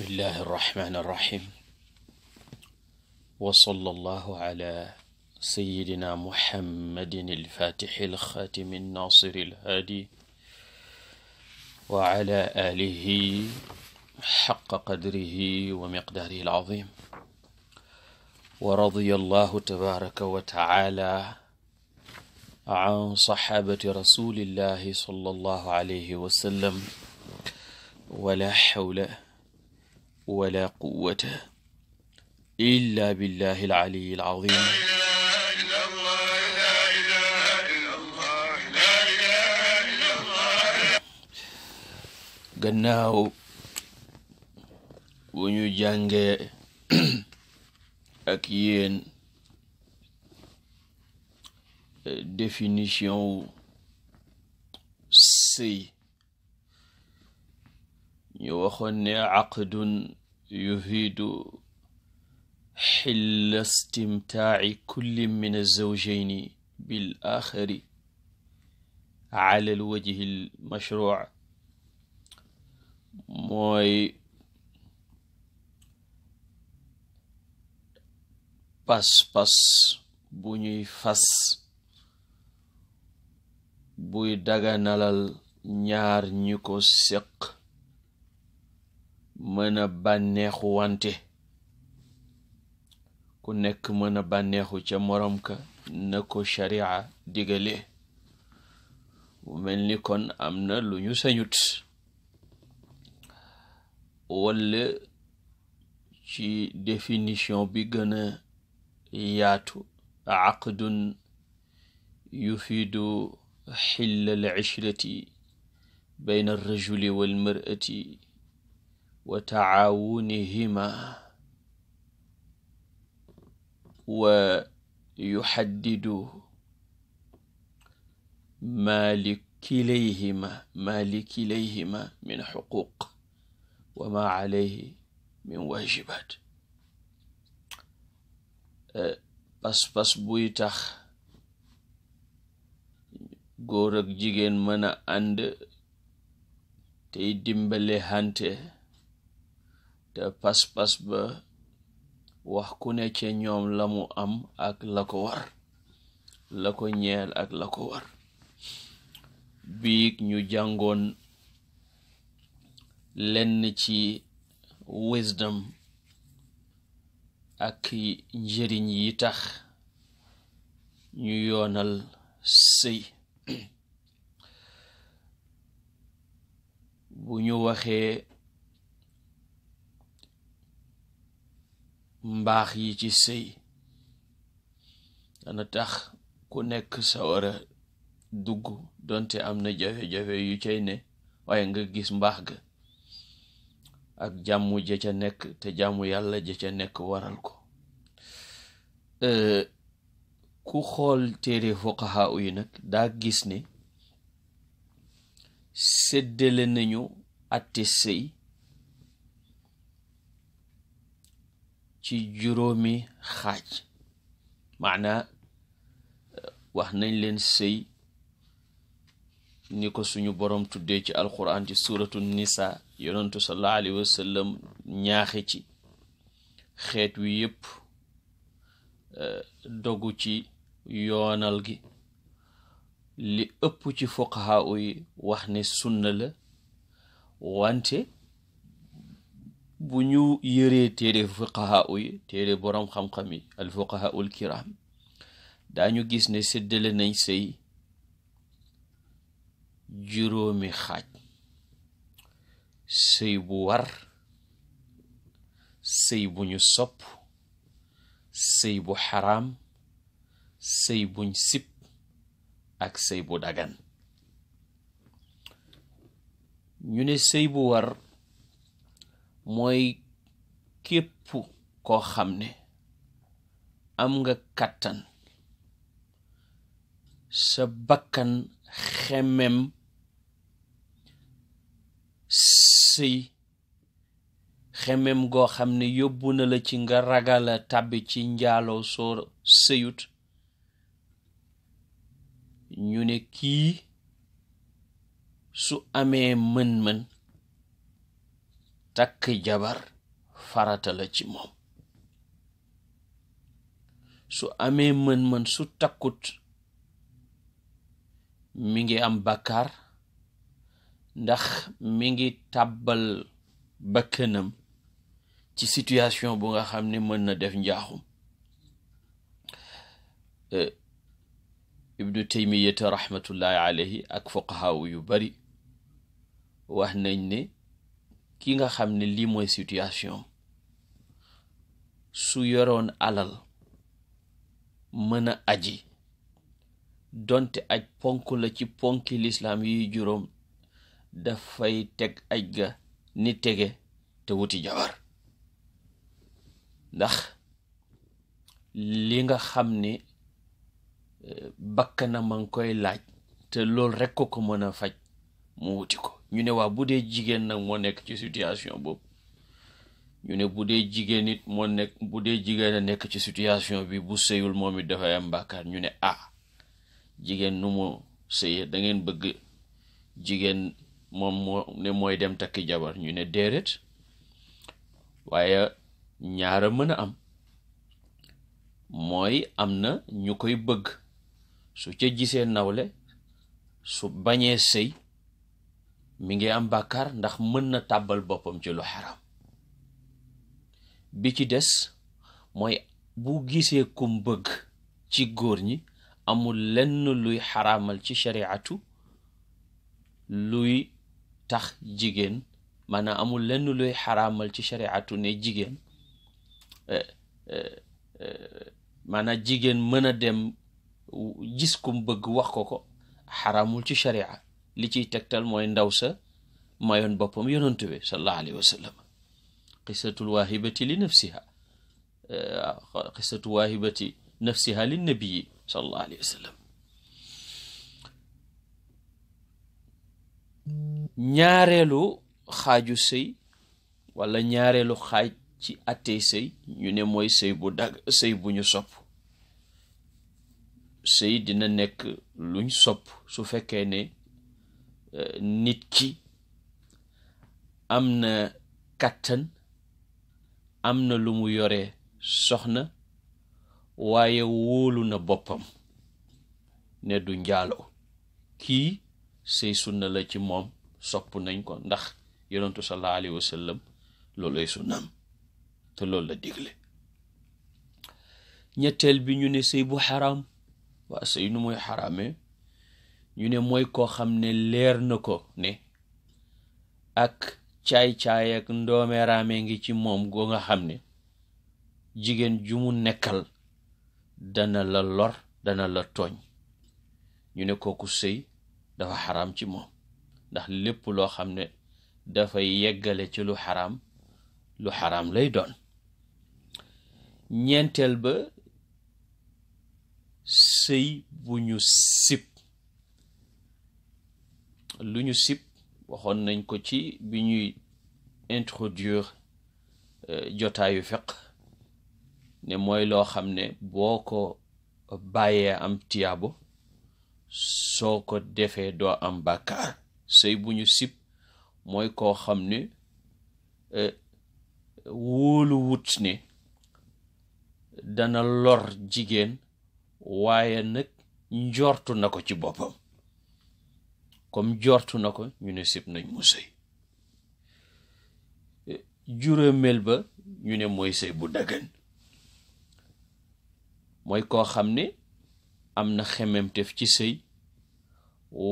bismillahi irrahmani irrahim wasala allahu ala sayidina muhammadin alfatixi alxaatimi annaasiri alhaadi wa ala alihi xaqa qadrihi wa miqdaarihi alazim wa radiya allahu tabaraka wa taala an saxaabati rasulillahi sallallahu alayhi wa sallam wala xawla ولا قوة إلا بالله العلي العظيم gannaaw bu ñu jàngee ak yéen définition wu ñu waxoon ne aqdun yufiidu xilla istimtaaci kulli min azawjayni bil aaxari ala alwajhi almashruuc mooy pas-pas bu fas buy daganalal ñaar ñu ko seq mën a wante ku nekk mën a bànneexu ca morom ka na ko sharia digale mu mel ni kon am na lu ñu sañut walla ci définition bi gën a yaatu aqdun yufiidu xilla al rajuli wal mar'ati wa tacaawunihima wa yuxaddidu maalikilayhima maalikilayhima min xuquuq wa maa alayhi min waajibaat pas-pas buy tax góor ak jigéen mën a ànd tey dimbale hante te pas-pas ba wax ku ne ca ñoom la mu am ak la ko war la ko ñeel ak la ko war biig ñu jàngoon lenn ci wisdom ak njariñ yi tax ñu yoonal sëy bu ñu waxee mbaax yi ci sëy dana tax ku nekk sawara dugg donte am na jafe-jafe yu cay ne waaye nga gis mbaax ga ak jàmm ja ca nekk te jàmmu yàlla ja ca nekk waral ko euh, ku xool téere fuqaha yi nag daa gis ne séddale nañu atte sëy ci juróomi xaaj maanaa wax nañ leen sëy ni ko suñu borom tuddee ci alquran ci suratu nisa yonentu sallallahu alayhi wa sallam ñaaxe ci xeet wi yépp e, dogu ci yoonal gi li ëpp ci fuqahaa yi wax ne sunna la wante bu ñu yëree téere fuqaha yi téere boroom xam-xam yi al fuqaha ul kiram daañu gis ne séddale nañ sëy juróomi xaaj sëy bu war sëy bu ñu sopp sëy bu xaraam sëy buñ sip ak sëy bu dagan ñu ne sëy bu war mooy képp koo xam ne am nga kàttan sa bakkan xemem sëy xemem goo xam ne yóbbu na la ci nga ragala tàbbi ci njaaloo soo sëyut ñu ne kii su amee mën-mën takk jabar farata la ci su amee mën-mën su takkut mi ngi am bakkar ndax mi ngi tàbbal bakkanam ci situation bu nga xam ni mën na def njaaxum euh, ibnu taymiyata rahmatullahi alayhi ak fuqahaa yu bari wax nañ ne ki nga xam ne lii mooy situation su yoroon alal mën a aji donte aj ponk la ci ponki lislaam yi juróom dafay teg aj ga ni tege te wuti jabar ndax li nga xam ne eh, bakkanam a ngi koy laaj te loolu rekk ko ko mën a faj mu wuti ko ñu ne waa bu dee jigéen nag moo nekk ci situation boobu ñu ne dee jigéen it moo bu dee jigéen a nekk ci situation bi bu sëyul moom it dafay am bàkkaar ñu ne ah jigéen nu mu sëyee da bëgg jigéen moom mooy dem takki jabar ñu ne déedéet waaye ñaara mën a am mooy am na ñu koy bëgg su ca gisee nawle su bañee sëy mi ngi am bakkar ndax mën na tàbbal boppam ci lu xaram bi ci des mooy bu gisee kum bëgg ci góor ñi amul lenn luy xaraamal ci shariatu luy tax jigéen maanaam amul lenn luy xaramal ci shariatu ne jigéen eh, eh, eh, maanaam jigéen mën a dem gis kum bëgg wax ko ko xaramul ci sharia li ciy tegtal mooy ndaw sa mayoon boppam yonent bi sallallahu alayhi wa sallam li nafsiha li nabii sallallahu alayhi wa ñaareelu xaaju sëy wala ñaareelu xaaj ci attey sëy ñu ne mooy sëy bu dag sëy bu ñu sopp sëy dina nekk luñ sopp su fekkee ne Euh, nit ki am na kàttan am na lu mu yore soxna waaye woolu na boppam ne du njaaloo kii sëy sunna la ci moom sopp nañ ko ndax yonentu sallallahu alayhi wa sallam looloy sunnaam te loolu la digle ñetteel bi ñu ne sëy bu xaraam waa sëy nu muy xaraamee ñu ne mooy koo xam ne leer na ko ne ak caay-caay ak ndoomeeraame ngi ci moom goo nga xam ne jigéen ju mu nekkal dana la lor dana la tooñ ñu ne kooku sëy dafa xaram ci moom ndax lépp loo xam ne dafay yeggale ci lu xaraam lu xaram lay doon ñeenteel ba sëy bu ñu sip lu ñu sib waxoon nañ ko ci bi ñuy introduire euh, jotaayu fiq ne mooy loo xam ne boo ko bàyyee am tiyaabo soo ko defee doo am bàkkaar sëy bu ñu sib mooy koo xam ne euh, wóolu wut ne dana lor jigéen waaye nag njortu na ko ci boppam comme jortu na ko ñu ne sib nañ mu sëy e, juróomeel ba ñu ne mooy sëy bu dagan mooy koo xam ne am na xememtef ci sëy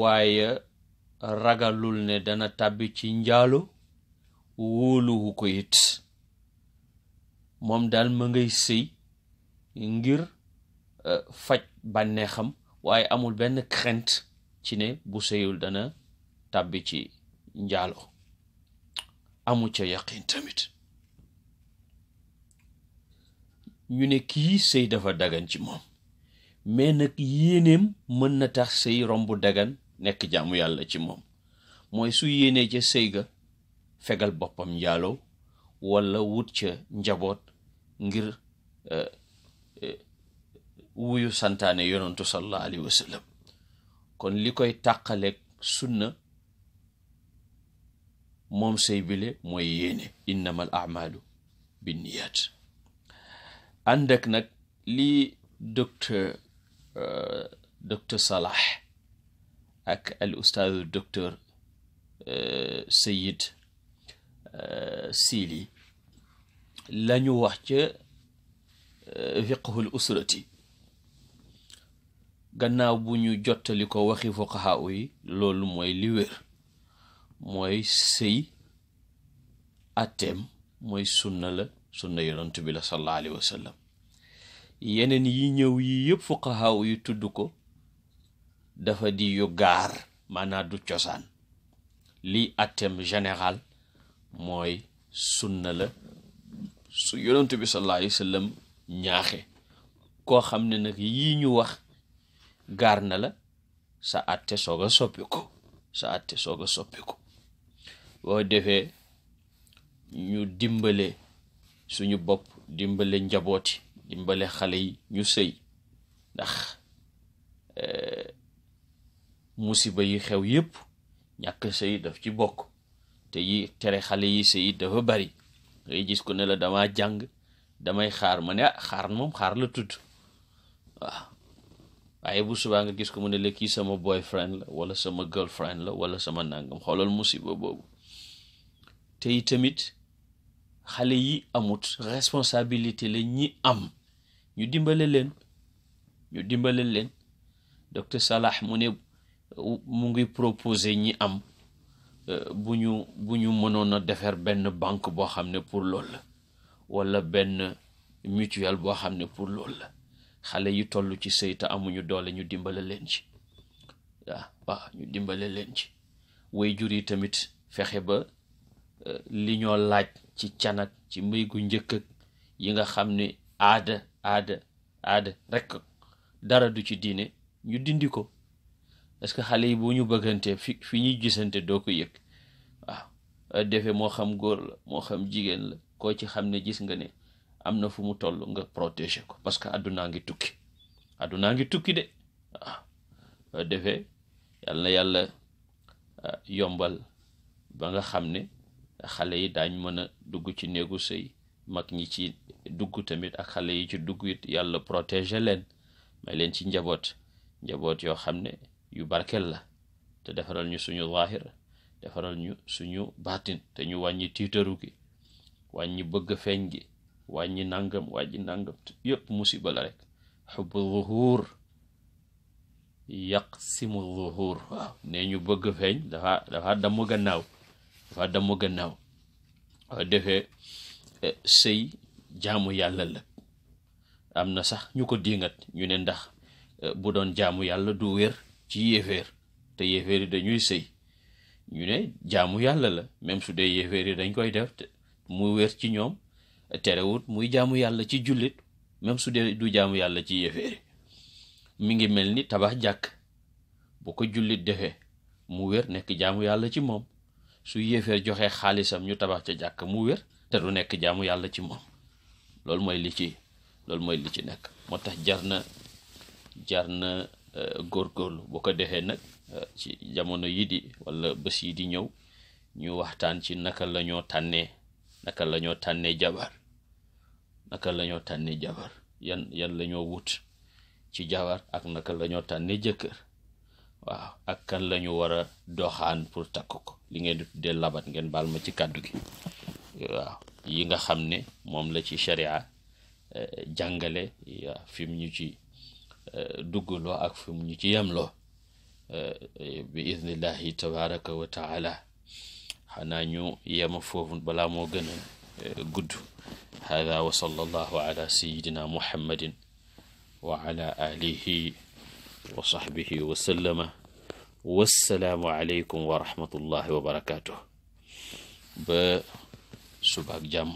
waaye ragalul ne dana tàbbi ci njaalo wóoluwu ko moom daal ma ngay sëy ngir e, faj bànneexam waaye amul benn crainte ci ne bu sëyul dana tàbbi ci njaalo amu ca yaqin tamit ñu ne kii sëy dafa dagan ci moom mais nag yéeneem mën na tax sëy romb dagan nekk jaamu yàlla ci moom mooy su yéenee ca sëy ga fegal boppam njaalo walla wut ca njaboot ngir euh, euh, wuyu santaane yonantu sallallahu alayhi wa kon li koy tàqaleeg sunna moom sëy bile mooy yéene innama al amalu binniyat ànd ak nag lii docteur euh, docteur ak al ustaadu docteur euh, Sayid euh, Sili la ñu wax ca fiqhul usrati gannaaw bu ñu jottali ko waxi fuqahaa yi loolu mooy li wér mooy sëy atteem mooy sunna la sunna yonent bi la sallallahu alayhi wa sallam yeneen yi ñëw yi yëpp fuqahaa yi tudd ko dafa di yu gaar maanaa du cosaan lii atteem général mooy sunna la su yonent bi sallallahu alayhi wa sallam ñaaxe koo xam ne nag yii ñu wax gaar na la sa atte soog a soppiku sa atte soog a soppiku boo defee ñu dimbale suñu bopp dimbale njabooti dimbale xale yi ñu sëy ndax eh, musiba yi xew yépp ñàkk sëy daf ci bokk te yi tere xale yi sëy dafa bari ngay gis ku ne la dama jàng damay xaar ma ah, xaar moom xaar la tudd waaye bu subaa nga gis ko mu ne la kii sama boyfriend la wala sama girlfriend la wala sama nangam xoolal musiba boobu te tamit xale yi amut responsabilité la ñi am ñu dimbale leen ñu dimbale leen docteur Salah mu ne mu ngi proposé ñi am euh, bu ñu bu ñu mënoon a defar benn banque boo xam ne pour loolu walla benn mutuelle boo xam ne pour loolu xale yu toll ci sëy amuñu doole ñu dimbale leen ci waaw waaw ñu dimbale leen ci jur yi tamit fexe ba euh, li ñoo laaj ci canak ci mbéy gu njëkk ak yi nga xam ne aada aada aada rek dara du ci diine ñu dindi ko parce que xale yi bu ñu bëggantee fi fi ñuy gisante doo ko yëg waaw defe moo xam góor la moo xam jigéen la koo ci xam ne gis nga ne am na fu mu toll nga protéger ko parce que àddunaa ngi tukki àddunaa ngi tukki de waaw ah. defe yal na yàlla ah, yombal ba nga xam ne xale yi daañ mën a dugg ci néegu sëy mag ñi ci dugg tamit ak xale yi ci dugg it yàlla protéger leen may leen ci njaboot njaboot yoo xam ne yu barkel la te defaral ñu suñu zaahir defaral ñu suñu baatin te ñu wàññi tiitaru gi wàññi bëgg feeñ gi wàññi nangam wàññi nangam yëpp musiba la rek xubbu zuhur yaqsimu zuhur waaw nee ñu bëgg feeñ dafa dafa damm gannaaw dafa damm gannaaw waaw defee e, sëy jaamu yàlla la am na sax ñu ko diingat ñu ne ndax e, bu doon jaamu yàlla du wér ci yéeféer te yéeféer yi dañuy sëy ñu ne jaamu yàlla la même su dee yéeféer dañ koy def mu wér ci ñoom terewut muy jaamu yàlla ci jullit même su dee du jaamu yàlla ci yéeféeri mi ngi mel ni tabax jàkk bu ko jullit defee mu wér nekk jaamu yàlla ci moom su yéeféer joxee xaalisam ñu tabax ca jàkk mu wér te du nekk jaamu yàlla ci moom loolu mooy li ci loolu mooy li ci nekk moo tax jar na jar na euh, góor góorlu bu ko defee nag euh, ci jamono yi di wala bés di ñëw ñu waxtaan ci naka la ñoo tànnee naka la ñoo tànnee jabar naka la ñoo tànnee jabar yan yan la wut ci jabar ak naka la ñoo tànnee jëkkër waaw ak kan lañu ñu war a doxaan pour takk ko li ngeen di tuddee labat ngeen baal ma ci kàddu gi waaw yi nga xam ne moom la ci sharia eh, jàngale fi mu ñu ci eh, duggloo ak fi mu ñu ci yemloo eh, bi idnillahi tabaraka wa xanaa ñu yema foofu balaa moo gën gudd hada wa sallallahu ala sayidina muhammadin wa ala alihi wa sahbihi wa sallama wassalaamu aleykum wa rahmatullahi wa barakatuh ba subaak jàmm